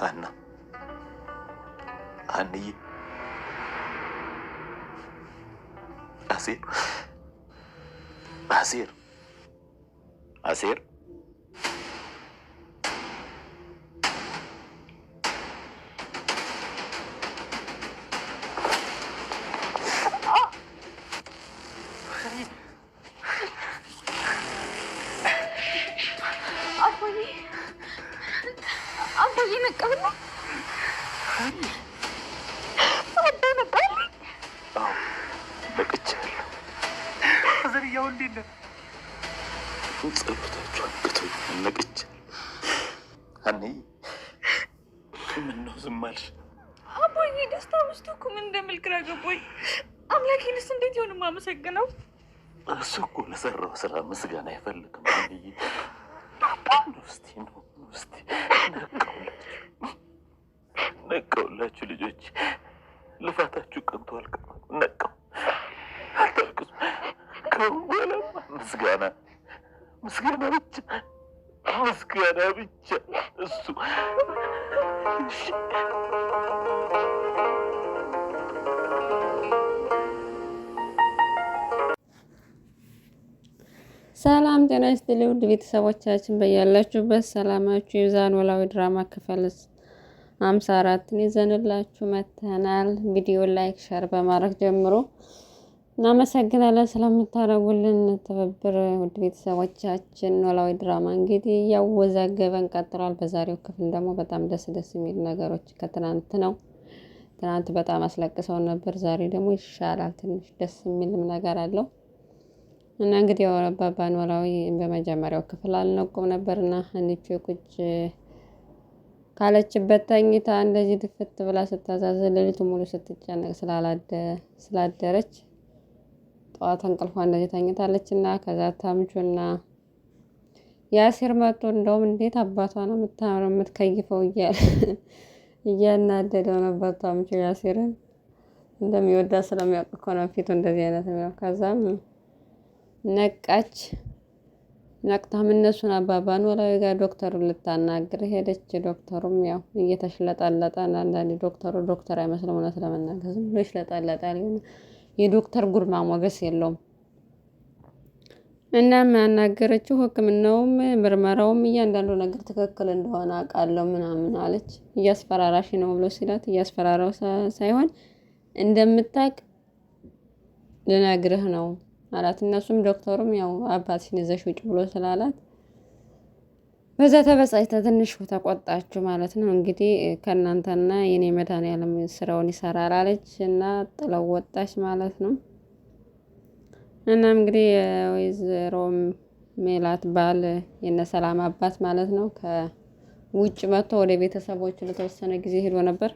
Ana. Ani. Así. Así. Así. እሱን ጸሎታችሁ አንገቶኝ ነቅች አኔ ምነው ዝም አልሽ? አቦዬ ደስታ ውስጥ እኮ ምን እንደምል ግራ ገባኝ። አምላኬንስ እንዴት ይሆን የማመሰግነው? እሱ እኮ ለሰራው ስራ ምስጋና አይፈልግም። አንዬ ነው ውስቲ ነቀውላችሁ ልጆች፣ ልፋታችሁ ቀንቶ አልቀረ ነቀው። አታልቅሱ ከምበላ ምስጋና ምስጋና ብቻ ምስጋና ብቻ እሱ ሰላም ጤና ይስጥልኝ ውድ ቤተሰቦቻችን በያላችሁበት ሰላማችሁ ይብዛ። ኖላዊ ድራማ ክፍል ሃምሳ አራትን ይዘንላችሁ መተናል። ቪዲዮ ላይክ ሸር በማድረግ ጀምሮ እናመሰግናለን ስለምታደርጉልን ትብብር ውድ ቤተሰቦቻችን። ኖላዊ ድራማ እንግዲህ እያወዛገበን ቀጥሏል። በዛሬው ክፍል ደግሞ በጣም ደስ ደስ የሚል ነገሮች ከትናንት ነው። ትናንት በጣም አስለቅሰው ነበር። ዛሬ ደግሞ ይሻላል፣ ትንሽ ደስ የሚልም ነገር አለው እና እንግዲህ አባባ ኖላዊ በመጀመሪያው ክፍል አልነቁም ነበርና አንቺ ቁጭ ካለችበት ተኝታ እንደዚህ ድፍት ብላ ስታዛዝ ሌሊቱ ሙሉ ስትጨነቅ ስላደረች ጠዋት እንቅልፏ እንደዚህ ተኝታለች እና ከዛ ታምቹና ያሲር መጡ። እንደውም እንዴት አባቷ ነው የምታምረው የምትከይፈው እያለ እያናደደው ነበር ታምቹ የአሴርን እንደሚወዳ ስለሚያውቅ እኮ ነው ፊቱ እንደዚህ አይነት ነው። ከዛም ነቃች። ነቅታም እነሱን አባባ ኖላዊ ጋር ዶክተሩን ልታናግር ሄደች። ዶክተሩም ያው እየተሽለጠለጠ አንዳንዴ ዶክተሩ ዶክተር አይመስልም እውነት ለመናገር ዝም ብሎ ይሽለጠለጣል። የዶክተር ጉርማ ሞገስ የለውም። እናም ያናገረችው ሕክምናውም ምርመራውም እያንዳንዱ ነገር ትክክል እንደሆነ አውቃለሁ ምናምን አለች። እያስፈራራሽ ነው ብሎ ሲላት እያስፈራራው ሳይሆን እንደምታቅ ልነግርህ ነው አላት። እነሱም ዶክተሩም ያው አባትሽን ይዘሽ ውጭ ብሎ ስላላት በዛ ተበሳጭታ ትንሽ ተቆጣችሁ ማለት ነው። እንግዲህ ከእናንተና የኔ መድኃኒዓለም ስራውን ይሰራል አለች እና ጥለው ወጣች ማለት ነው። እናም እንግዲህ የወይዘሮ ሜላት ባል የነ ሰላም አባት ማለት ነው ከውጭ መጥቶ ወደ ቤተሰቦቹ ለተወሰነ ጊዜ ሄዶ ነበር።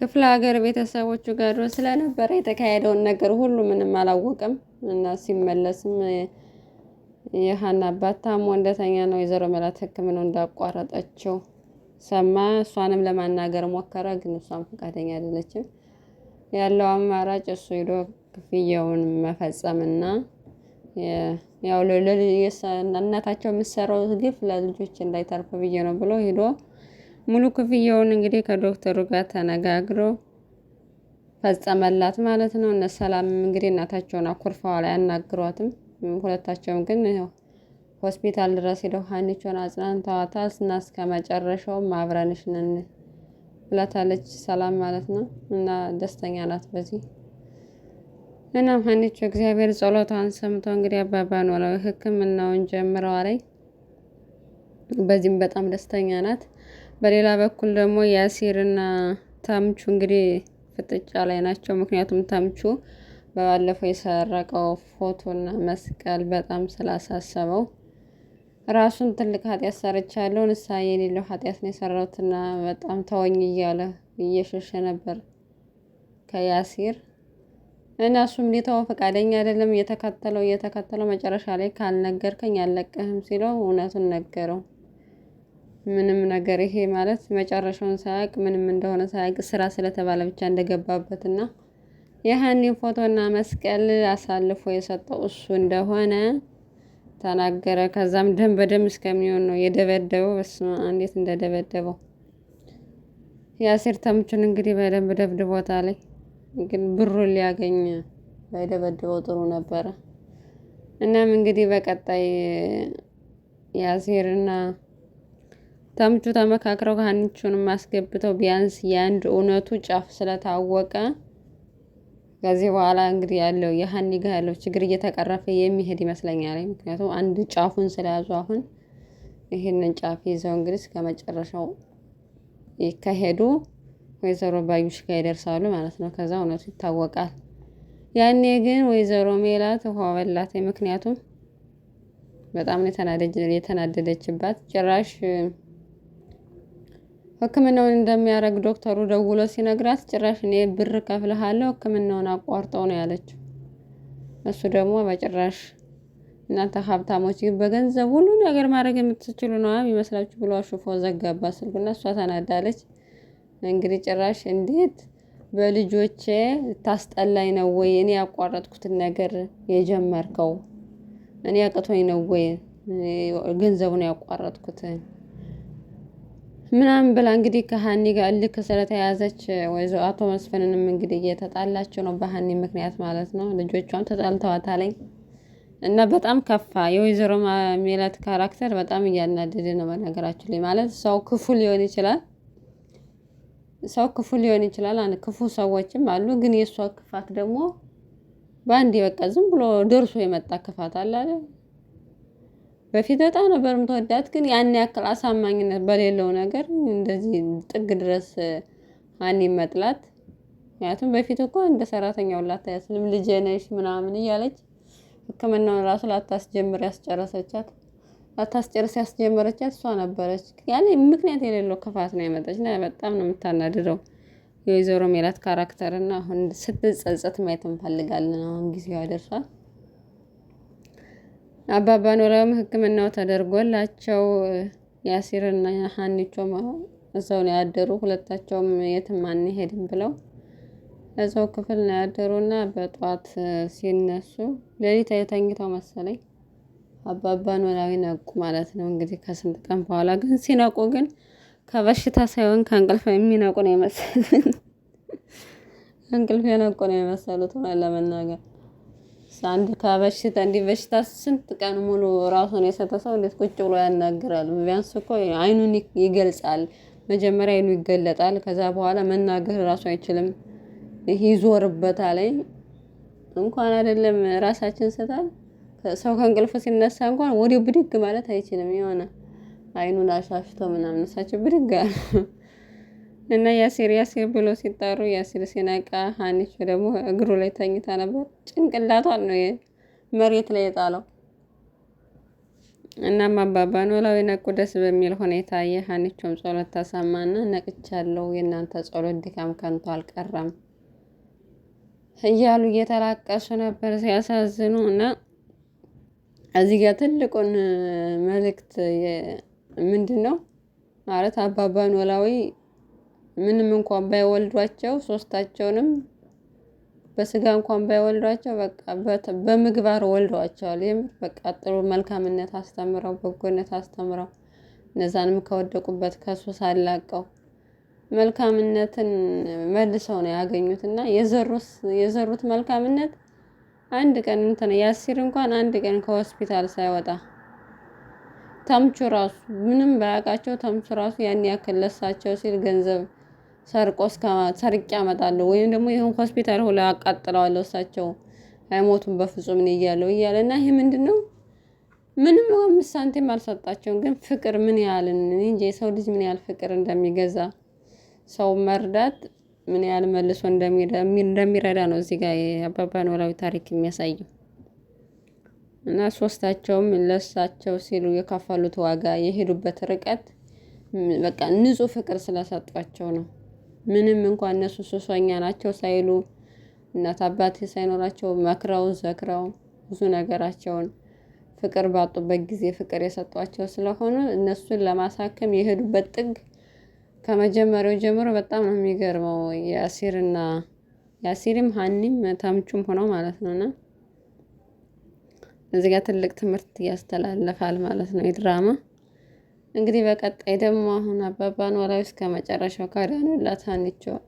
ክፍለ ሀገር ቤተሰቦቹ ጋር ስለነበረ የተካሄደውን ነገር ሁሉ ምንም አላወቀም እና ሲመለስም የሀና አባት ታሞ እንደተኛ ነው ወይዘሮ ሜላት ሕክምናው እንዳቋረጠችው ሰማ። እሷንም ለማናገር ሞከረ፣ ግን እሷም ፈቃደኛ አይደለችም። ያለው አማራጭ እሱ ሄዶ ክፍያውን መፈጸምና ያው እናታቸው የምትሰራው ግፍ ለልጆች እንዳይተርፍ ብዬ ነው ብሎ ሄዶ ሙሉ ክፍያውን እንግዲህ ከዶክተሩ ጋር ተነጋግሮ ፈጸመላት ማለት ነው። እነ ሰላም እንግዲህ እናታቸውን አኩርፈዋል፣ አያናግሯትም። ሁለታቸውም ግን ሆስፒታል ድረስ ሄደው ሀኒቾን አጽናንተዋታል እና እስከ መጨረሻውም አብረንሽ ነን ብላታለች። ሰላም ማለት ነው እና ደስተኛ ናት በዚህ እናም ሀኒቾ እግዚአብሔር ጸሎቷን ሰምቶ እንግዲህ አባባ ኖላዊ ሕክምናውን ጀምረዋለኝ። በዚህም በጣም ደስተኛ ናት። በሌላ በኩል ደግሞ ያሲርና ታምቹ እንግዲህ ፍጥጫ ላይ ናቸው። ምክንያቱም ታምቹ በባለፈው የሰረቀው ፎቶና መስቀል በጣም ስላሳሰበው ራሱን ትልቅ ኃጢአት ሰርቻለሁ፣ ንሳ የሌለው ኃጢአት ነው የሰራሁትና በጣም ተወኝ እያለ እየሸሸ ነበር ከያሲር እና እሱም ሊተወው ፈቃደኛ አይደለም። እየተከተለው እየተከተለው መጨረሻ ላይ ካልነገርከኝ አልለቅህም ሲለው እውነቱን ነገረው። ምንም ነገር ይሄ ማለት መጨረሻውን ሳያውቅ ምንም እንደሆነ ሳያውቅ ስራ ስለተባለ ብቻ እንደገባበትና የሀኒን ፎቶና መስቀል አሳልፎ የሰጠው እሱ እንደሆነ ተናገረ። ከዛም ደም በደም እስከሚሆን ነው የደበደበው። በስመ አብ እንዴት እንደደበደበው የአሴር ተምቹን እንግዲህ በደንብ ላይ ግን ብሩን ሊያገኝ ባይደበድበው ጥሩ ነበረ። እናም እንግዲህ በቀጣይ የአሴርና ተምቹ ተመካክረው ከሀኒቹንም አስገብተው ቢያንስ የአንድ እውነቱ ጫፍ ስለታወቀ ከዚህ በኋላ እንግዲህ ያለው የሀኒ ጋ ያለው ችግር እየተቀረፈ የሚሄድ ይመስለኛል። ምክንያቱም አንድ ጫፉን ስለያዙ አሁን ይህንን ጫፍ ይዘው እንግዲህ እስከ መጨረሻው ከሄዱ ወይዘሮ ባዩሽ ጋር ይደርሳሉ ማለት ነው። ከዛ እውነቱ ይታወቃል። ያኔ ግን ወይዘሮ ሜላት ውሃ በላት። ምክንያቱም በጣም የተናደደችባት ጭራሽ ህክምናውን እንደሚያደርግ ዶክተሩ ደውሎ ሲነግራት ጭራሽ እኔ ብር ከፍልሃለሁ ህክምናውን አቋርጠው ነው ያለችው። እሱ ደግሞ በጭራሽ እናንተ ሀብታሞች ግን በገንዘብ ሁሉ ነገር ማድረግ የምትችሉ ነው ይመስላችሁ ብሎ አሹፎ ዘጋባ ስልኩና እሷ ተናዳለች። እንግዲህ ጭራሽ እንዴት በልጆቼ ታስጠላኝ ነው ወይ እኔ ያቋረጥኩትን ነገር የጀመርከው? እኔ አቅቶኝ ነው ወይ ገንዘቡን ያቋረጥኩትን ምናምን ብላ እንግዲህ ከሀኒ ጋር እልክ ስለተያዘች ወይዘሮ አቶ መስፍንንም እንግዲህ እየተጣላቸው ነው በሀኒ ምክንያት ማለት ነው። ልጆቿም ተጣልተዋታለኝ እና በጣም ከፋ። የወይዘሮ ሜላት ካራክተር በጣም እያናደደ ነው በነገራችን ላይ ማለት ሰው ክፉ ሊሆን ይችላል ሰው ክፉ ሊሆን ይችላል። አንድ ክፉ ሰዎችም አሉ። ግን የእሷ ክፋት ደግሞ በአንድ በቃ ዝም ብሎ ደርሶ የመጣ ክፋት አለ አይደል? በፊት በጣም ነበር የምትወዳት፣ ግን ያን ያክል አሳማኝነት በሌለው ነገር እንደዚህ ጥግ ድረስ ሀኒ መጥላት። ምክንያቱም በፊት እኮ እንደ ሰራተኛ ላታያስልም ልጄ ነሽ ምናምን እያለች ሕክምናውን ራሱ ላታስጀምር ያስጨረሰቻት ላታስጨርስ ያስጀመረቻት እሷ ነበረች። ያኔ ምክንያት የሌለው ክፋት ነው የመጣች እና በጣም ነው የምታናድረው የወይዘሮ ሜላት ካራክተር እና አሁን ስትጸጸት ማየት እንፈልጋለን። አሁን ጊዜዋ ደርሷል። አባባ ኖላዊም ሕክምናው ተደርጎላቸው ያሲርና ሀኒቾም እዛው ነው ያደሩ። ሁለታቸውም የትም አንሄድም ብለው እዛው ክፍል ነው ያደሩና በጠዋት ሲነሱ ሌሊት የተኝተው መሰለኝ አባባ ኖላዊ ነቁ ማለት ነው። እንግዲህ ከስንት ቀን በኋላ ግን ሲነቁ ግን ከበሽታ ሳይሆን ከእንቅልፍ የሚነቁ ነው የመሰሉት። እንቅልፍ የነቁ ነው የመሰሉት ለመናገር አንድ ከበሽታ እንዲህ በሽታ ስንት ቀን ሙሉ ራሱን የሰጠ ሰው እንዴት ቁጭ ብሎ ያናግራል? ቢያንስ እኮ አይኑን ይገልጻል። መጀመሪያ አይኑ ይገለጣል። ከዛ በኋላ መናገር ራሱ አይችልም፣ ይዞርበታል። እንኳን አይደለም ራሳችን ስታል ሰው ከእንቅልፍ ሲነሳ እንኳን ወዲያው ብድግ ማለት አይችልም። የሆነ አይኑን አሻሽቶ ምናምን እሳቸው ብድግ እና ያሲር ያሲር ብሎ ሲጠሩ ያሲር ሲነቃ ሀኒቾ ደግሞ እግሩ ላይ ተኝታ ነበር። ጭንቅላቷን ነው መሬት ላይ የጣለው። እናም አባባ ኖላዊ ነቁ። ደስ በሚል ሁኔታ የሀኒቾም ጸሎት ተሰማና ነቅቻለሁ፣ የእናንተ ጸሎት ድካም ከንቶ አልቀረም እያሉ እየተላቀሱ ነበር ሲያሳዝኑ። እና እዚህ ጋር ትልቁን መልእክት ምንድን ነው ማለት አባባ ኖላዊ ምንም እንኳን ባይወልዷቸው ሶስታቸውንም በስጋ እንኳን ባይወልዷቸው በቃ በምግባር ወልደዋቸዋል። የምር በቃ ጥሩ መልካምነት አስተምረው በጎነት አስተምረው እነዛንም ከወደቁበት ከሱስ አላቀው መልካምነትን መልሰው ነው ያገኙት እና የዘሩት መልካምነት አንድ ቀን እንትን ያሲር እንኳን አንድ ቀን ከሆስፒታል ሳይወጣ ተምቹ ራሱ ምንም ባያውቃቸው ተምቹ ራሱ ያን ያክል ለሳቸው ሲል ገንዘብ ሰርቆ ሰርቄ አመጣለሁ ወይም ደግሞ ይሁን ሆስፒታል ሁላ አቃጥለዋለሁ እሳቸው አይሞቱም በፍጹም እኔ እያለው እያለ እና ይሄ ምንድን ነው? ምንም አምስት ሳንቲም አልሰጣቸውም። ግን ፍቅር ምን ያህል እንጂ የሰው ልጅ ምን ያህል ፍቅር እንደሚገዛ ሰው መርዳት ምን ያህል መልሶ እንደሚረዳ ነው እዚህ ጋር የአባባ ኖላዊ ታሪክ የሚያሳየው። እና ሶስታቸውም ለሳቸው ሲሉ የከፈሉት ዋጋ የሄዱበት ርቀት በቃ ንጹህ ፍቅር ስለሰጧቸው ነው። ምንም እንኳን እነሱ ሱሰኛ ናቸው ሳይሉ እናት አባት ሳይኖራቸው መክረው ዘክረው ብዙ ነገራቸውን ፍቅር ባጡበት ጊዜ ፍቅር የሰጧቸው ስለሆኑ እነሱን ለማሳከም የሄዱበት ጥግ ከመጀመሪያው ጀምሮ በጣም ነው የሚገርመው። የአሲርና የአሲሪም ሀኒም ታምቹም ሆነው ማለት ነውና እዚህ ጋር ትልቅ ትምህርት ያስተላለፋል ማለት ነው የድራማ እንግዲህ በቀጣይ ደግሞ አሁን አባባ ኖላዊ እስከ መጨረሻው ካዳኑላት ሀኒቾን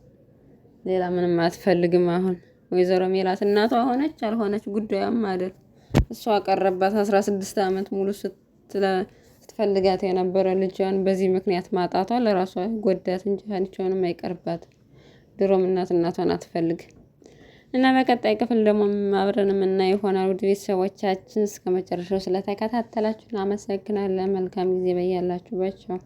ሌላ ምንም አትፈልግም። አሁን ወይዘሮ ሜላት እናቷ ሆነች አልሆነች ጉዳዩም አይደል። እሷ አቀረባት አስራ ስድስት ዓመት ሙሉ ስትፈልጋት የነበረ ልጇን በዚህ ምክንያት ማጣቷ ለራሷ ጎዳት እንጂ ሀኒቾንም አይቀርባት። ድሮም እናት እናቷን አትፈልግ እና በቀጣይ ክፍል ደግሞ አብረን የምናየው ይሆናል። ውድ ቤተሰቦቻችን እስከ መጨረሻው ስለተከታተላችሁን አመሰግናለን። መልካም ጊዜ በቸው